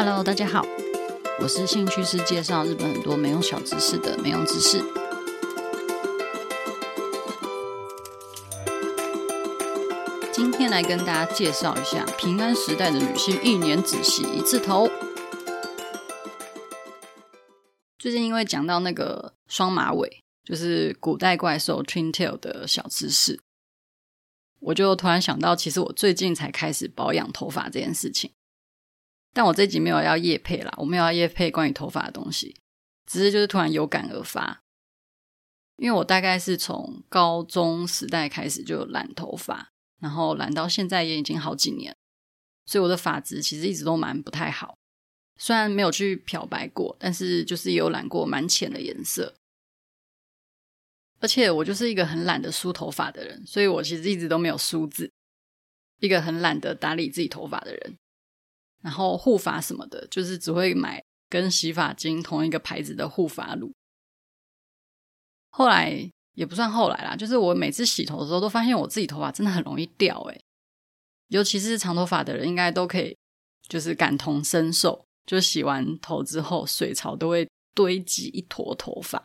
Hello，大家好，我是興趣是介紹日本很多沒用小知識的沒用知識。今天來跟大家介紹一下平安時代的女性一年只洗一次頭。最近因為講到那個雙馬尾，就是古代怪獸 twin tail 的小知識，我就突然想到，其實我最近才開始保養頭髮這件事情。但我這集沒有要業配啦，我沒有要業配關於頭髮的東西，只是就是突然有感而發。因為我大概是從高中時代開始就染頭髮，然後染到現在也已經好幾年，所以我的髮質其實一直都蠻不太好，雖然沒有去漂白過，但是就是也有染過蠻淺的顏色，而且我就是一個很懶得梳頭髮的人，所以我其實一直都沒有梳子，一個很懶得打理自己頭髮的人。然後護髮什麼的，就是只會買跟洗髮精同一個牌子的護髮乳。後來也不算後來啦，就是我每次洗頭的時候，都發現我自己頭髮真的很容易掉，誒，尤其是長頭髮的人，應該都可以就是感同身受，就洗完頭之後水槽都會堆積一坨頭髮。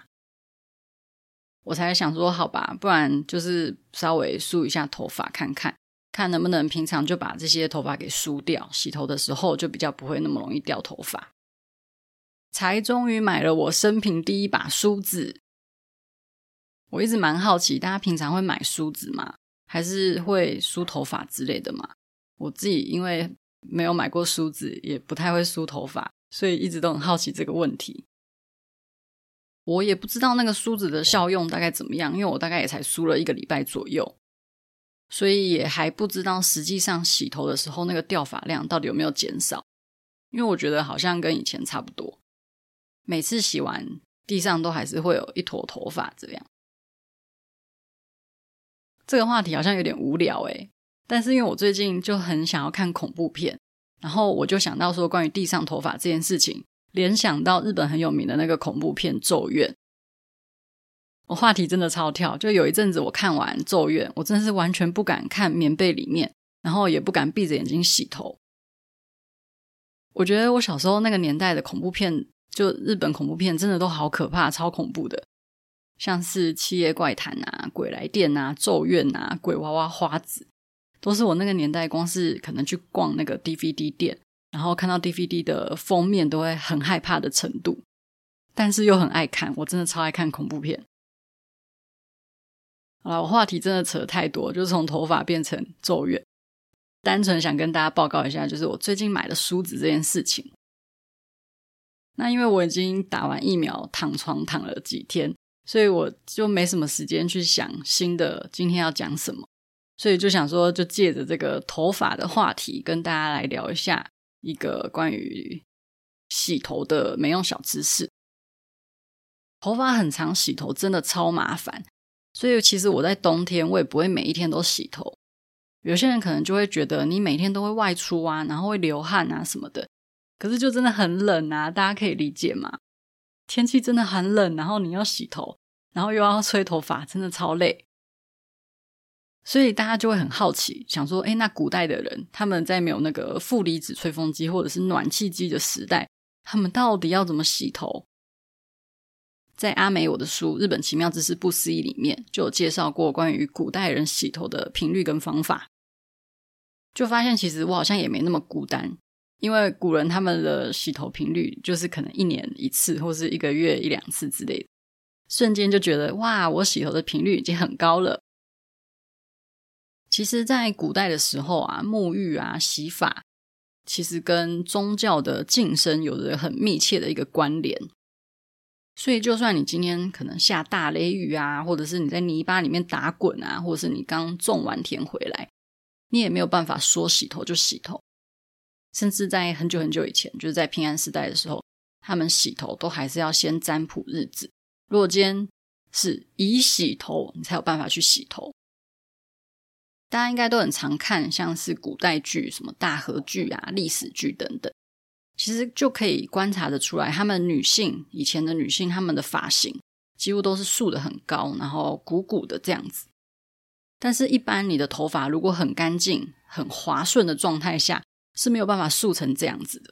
我才想說，好吧，不然就是稍微梳一下頭髮看看。看能不能平常就把這些頭髮給梳掉，洗頭的時候就比較不會那麼容易掉頭髮。才終於買了我生平第一把梳子。我一直蠻好奇，大家平常會買梳子嗎？還是會梳頭髮之類的嗎？我自己因為沒有買過梳子，也不太會梳頭髮，所以一直都很好奇這個問題。我也不知道那個梳子的效用大概怎麼樣，因為我大概也才梳了一個禮拜左右。所以也還不知道，實際上洗頭的時候那個掉髮量到底有沒有減少？因為我覺得好像跟以前差不多，每次洗完地上都還是會有一坨頭髮這樣。這個話題好像有點無聊誒，但是因為我最近就很想要看恐怖片，然後我就想到說關於地上頭髮這件事情，聯想到日本很有名的那個恐怖片咒怨《咒怨》。話題真的超跳,就有一陣子我看完《咒怨》，我真的是完全不敢看棉被裡面，然後也不敢閉着眼睛洗頭。我覺得我小時候那個年代的恐怖片，就日本恐怖片，真的都好可怕，超恐怖的，像是《七夜怪談》啊、《鬼來電》啊、《咒怨》啊、《鬼娃娃花子》，都是我那個年代，光是可能去逛那個 DVD 店，然後看到 DVD 的封面，都會很害怕的程度，但是又很愛看，我真的超愛看恐怖片。好了，我話題真的扯太多，就是從頭髮變成咒怨，單純想跟大家報告一下，就是我最近買的梳子這件事情。那因為我已經打完疫苗，躺床躺了幾天，所以我就沒什麼時間去想新的今天要講什麼，所以就想說，就借着這個頭髮的話題，跟大家來聊一下一個關於洗頭的沒用小知識。頭髮很長，洗頭真的超麻煩。所以其實我在冬天我也不會每一天都洗頭。有些人可能就會覺得你每天都會外出啊，然後會流汗啊什麼的，可是就真的很冷啊，大家可以理解嗎？天氣真的很冷，然後你要洗頭，然後又要吹頭髮，真的超累。所以大家就會很好奇，想說：誒，那古代的人，他們在沒有那個負離子吹風機或者是暖氣機的時代，他們到底要怎麼洗頭？在阿美我的書《日本奇妙知識不思議》裡面，就有介紹過關於古代人洗頭的頻率跟方法，就發現其實我好像也沒那麼孤單，因為古人他們的洗頭頻率就是可能一年一次或是一個月一兩次之類的，瞬間就覺得哇，我洗頭的頻率已經很高了。其實，在古代的時候啊，沐浴啊、洗髮，其實跟宗教的淨身有着很密切的一個關聯。所以，就算你今天可能下大雷雨啊，或者是你在泥巴裡面打滾啊，或者是你剛種完田回來，你也沒有辦法說洗頭就洗頭。甚至在很久很久以前，就是在平安時代的時候，他們洗頭都還是要先占卜日子，如果今天是宜洗頭，你才有辦法去洗頭。大家應該都很常看，像是古代劇、什麼大河劇啊、歷史劇等等。其實就可以觀察得出來，她們女性以前的女性，她們的髮型幾乎都是束得很高，然後鼓鼓的這樣子。但是，一般你的頭髮如果很乾淨、很滑順的狀態下是沒有辦法束成這樣子的。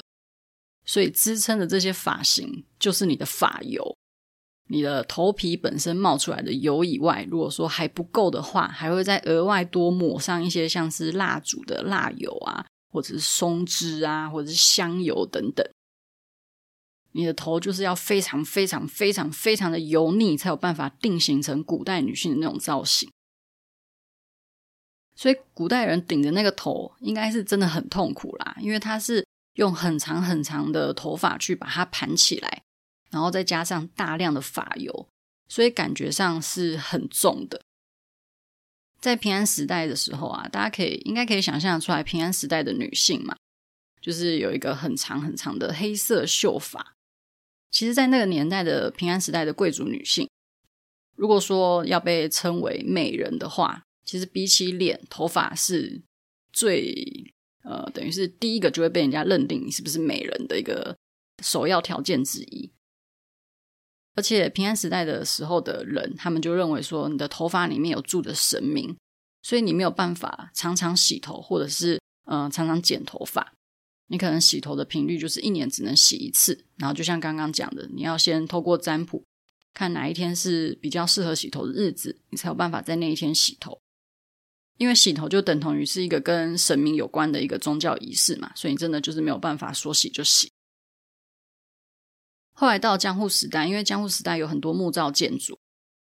所以，支撐的這些髮型就是你的髮油，你的頭皮本身冒出來的油以外，如果說還不夠的話，還會再額外多抹上一些像是蠟燭的蠟油啊。或者是松脂啊，或者是香油等等，你的頭就是要非常非常非常非常的油膩，才有辦法定型成古代女性的那種造型。所以，古代人頂着那個頭，應該是真的很痛苦啦，因為它是用很長很長的頭髮去把它盤起來，然後再加上大量的髮油，所以感覺上是很重的。在平安時代的時候啊，大家可以應該可以想象出來，平安時代的女性嘛，就是有一個很長很長的黑色秀髮。其實，在那個年代的平安時代的貴族女性，如果說要被稱為美人的話，其實比起臉，頭髮是最呃，等於是第一個就會被人家認定你是不是美人的一個首要條件之一。而且平安時代的時候的人，他們就認為說你的頭髮裡面有住着神明，所以你沒有辦法常常洗頭，或者是嗯、呃、常常剪頭髮。你可能洗頭的頻率就是一年只能洗一次。然後就像剛剛講的，你要先透過占卜看哪一天是比較適合洗頭的日子，你才有辦法在那一天洗頭。因為洗頭就等同於是一個跟神明有關的一個宗教儀式嘛，所以你真的就是沒有辦法說洗就洗。後來到江戶時代，因為江戶時代有很多木造建築，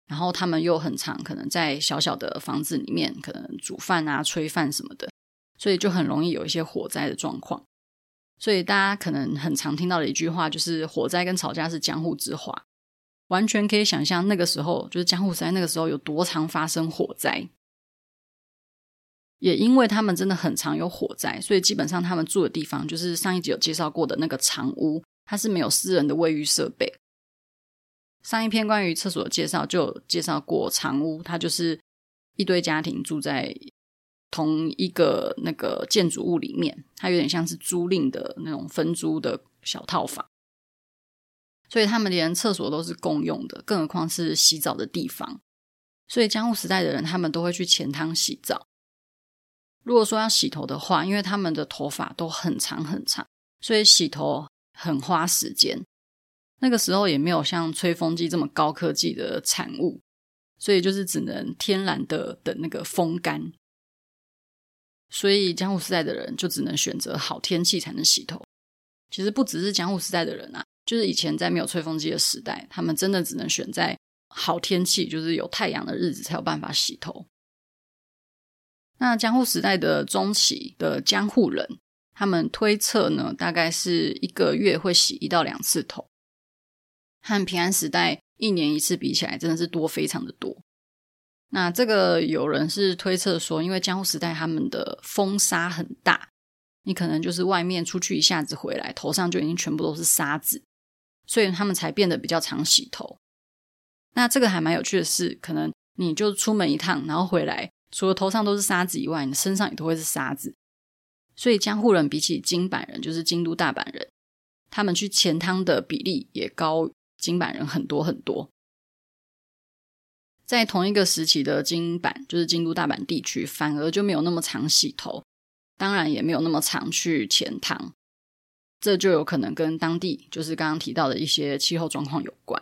然後他們又很常可能在小小的房子裡面，可能煮飯啊、炊飯什麼的，所以就很容易有一些火災的狀況。所以大家可能很常聽到的一句話就是“火災跟吵架是江戶之花”，完全可以想象那個時候就是江戶時代那個時候有多常發生火災。也因為他們真的很常有火災，所以基本上他們住的地方就是上一集有介紹過的那個長屋。它是沒有私人的衛浴設備。上一篇關於廁所介紹就有介紹過，長屋它就是一堆家庭住在同一個那個建築物裡面，它有點像是租賃的那種分租的小套房，所以他們連廁所都是共用的，更何況是洗澡的地方。所以江戶時代的人，他們都會去錢湯洗澡。如果說要洗頭的話，因為他們的頭髮都很長很長，所以洗頭，很花時間，那個時候也沒有像吹風機這麼高科技的產物，所以就是只能天然的等那個風乾。所以江戶時代的人就只能選擇好天氣才能洗頭。其實不只是江戶時代的人啊，就是以前在沒有吹風機的時代，他們真的只能選在好天氣，就是有太陽的日子才有辦法洗頭。那江戶時代的中期的江戶人，他們推測呢，大概是一個月會洗一到兩次頭，和平安時代一年一次比起來，真的是多非常的多。那這個有人是推測說，因為江戶時代他們的風沙很大，你可能就是外面出去一下子回來，頭上就已經全部都是沙子，所以他們才變得比較常洗頭。那這個還蠻有趣的是，可能你就出門一趟，然後回來，除了頭上都是沙子以外，你身上也都會是沙子。所以江戶人比起京阪人，就是京都大阪人，他們去錢湯的比例也高於京阪人很多很多。在同一個時期的京阪，就是京都大阪地區，反而就沒有那麼常洗頭，當然也沒有那麼常去錢湯，這就有可能跟當地就是剛剛提到的一些氣候狀況有關。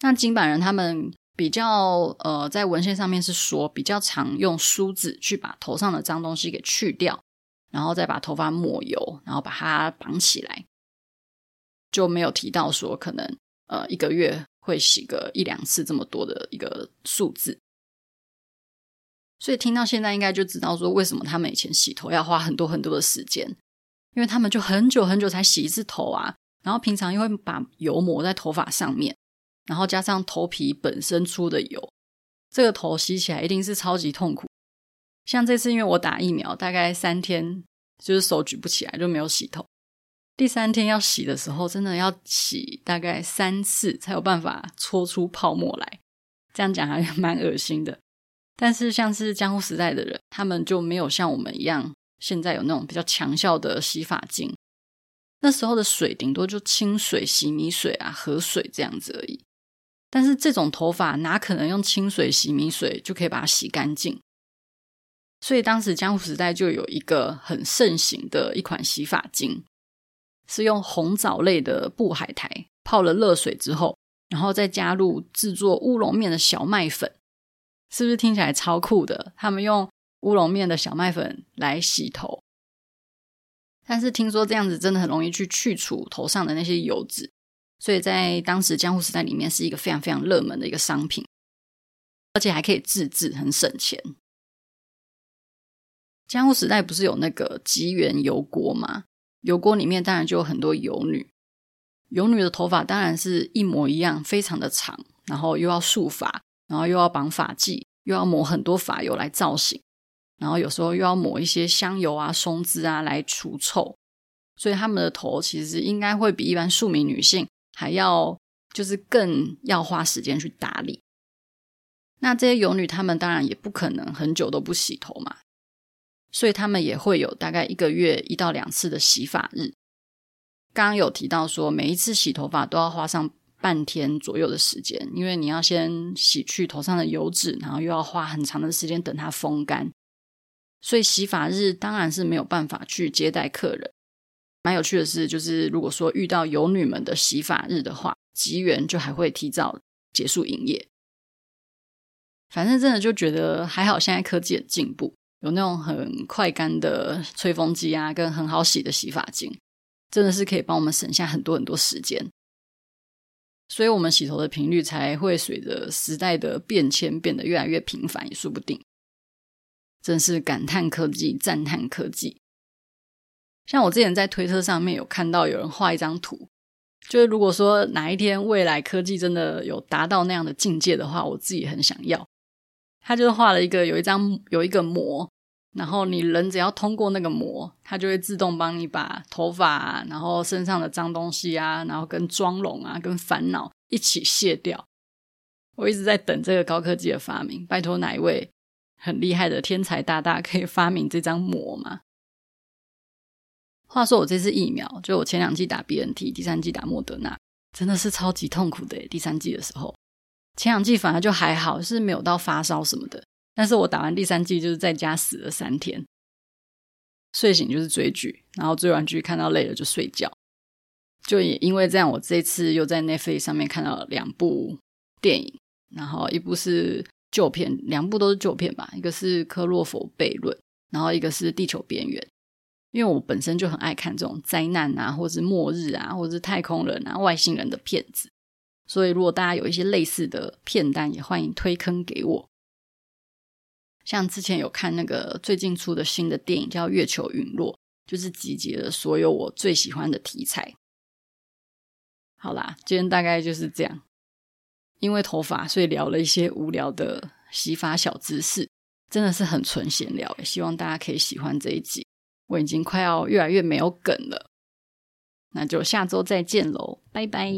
那京阪人他們比較呃，在文獻上面是說比較常用梳子去把頭上的髒東西給去掉。然後再把頭髮抹油，然後把它綁起來，就沒有提到說可能呃一個月會洗個一兩次這麼多的一個數字。所以聽到現在應該就知道說為什麼他們以前洗頭要花很多很多的時間，因為他們就很久很久才洗一次頭啊，然後平常又會把油抹在頭髮上面，然後加上頭皮本身出的油，這個頭洗起來一定是超級痛苦。像這次因為我打疫苗，大概三天就是手舉不起來就沒有洗頭。第三天要洗的時候，真的要洗大概三次才有辦法搓出泡沫來。這樣講還蠻噁心的。但是像是江戶時代的人，他們就沒有像我們一樣現在有那種比較強效的洗髮精。那時候的水頂多就清水、洗米水啊、河水這樣子而已。但是這種頭髮哪可能用清水、洗米水就可以把它洗乾淨？所以當時江戶時代就有一個很盛行的一款洗髮精，是用紅藻類的布海苔泡了熱水之後，然後再加入制作烏龍麵的小麥粉，是不是聽起來超酷的？他們用烏龍麵的小麥粉來洗頭，但是聽說這樣子真的很容易去去除頭上的那些油脂，所以在當時江戶時代裡面是一個非常非常熱門的一個商品，而且還可以自制,制，很省錢。江戶時代不是有那個吉原油鍋嗎？油鍋裡面當然就有很多油女，油女的頭髮當然是一模一樣，非常的長，然後又要束髮，然後又要綁髮髻，又要抹很多髮油來造型，然後有時候又要抹一些香油啊、松脂啊來除臭，所以她們的頭其實應該會比一般庶民女性還要，就是更要花時間去打理。那這些油女她們當然也不可能很久都不洗頭嘛。所以他們也會有大概一個月一到兩次的洗髮日。剛剛有提到說，每一次洗頭髮都要花上半天左右的時間，因為你要先洗去頭上的油脂，然後又要花很長的時間等它風乾。所以洗髮日當然是沒有辦法去接待客人。蠻有趣的是，就是如果說遇到遊女們的洗髮日的話，吉原就還會提早結束營業。反正真的就覺得還好，現在科技的進步。有那種很快乾的吹風機啊，跟很好洗的洗髮精，真的是可以幫我們省下很多很多時間，所以我們洗頭的頻率才會隨着時代的變遷變得越來越頻繁，也說不定。真是感嘆科技，讚嘆科技。像我之前在推特上面有看到有人畫一張圖，就是如果說哪一天未來科技真的有達到那樣的境界的話，我自己很想要。他就畫了一個，有一張，有一個膜。然後你人只要通過那個膜，它就會自動幫你把頭髮啊，然後身上的髒東西啊，然後跟妝容啊，跟煩惱一起卸掉。我一直在等這個高科技的發明，拜托哪一位很厲害的天才大大可以發明這張膜嗎？話說我這次疫苗，就我前兩季打 BNT，第三季打莫德納，真的是超級痛苦的。第三季的時候，前兩季反而就還好，是沒有到發燒什麼的。但是我打完第三季，就是在家死了三天，睡醒就是追劇，然後追完劇看到累了就睡覺。就也因為這樣，我這次又在 Netflix 上面看到了兩部電影，然後一部是舊片，兩部都是舊片吧。一個是《科洛弗悖論》，然後一個是《地球邊緣》。因為我本身就很愛看這種災難啊，或者是末日啊，或者是太空人啊、外星人的片子，所以如果大家有一些類似的片單，也歡迎推坑給我。像之前有看那個最近出的新的電影叫《月球隕落》，就是集結了所有我最喜歡的題材。好啦，今天大概就是這樣，因為頭髮，所以聊了一些無聊的洗髮小知識，真的是很純閒聊。希望大家可以喜歡這一集，我已經快要越來越沒有梗了，那就下周再見嘍，拜拜。